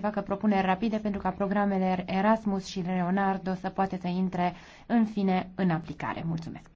se facă propuneri rapide pentru ca programele Erasmus și Leonardo să poată să intre în fine în aplicare. Mulțumesc!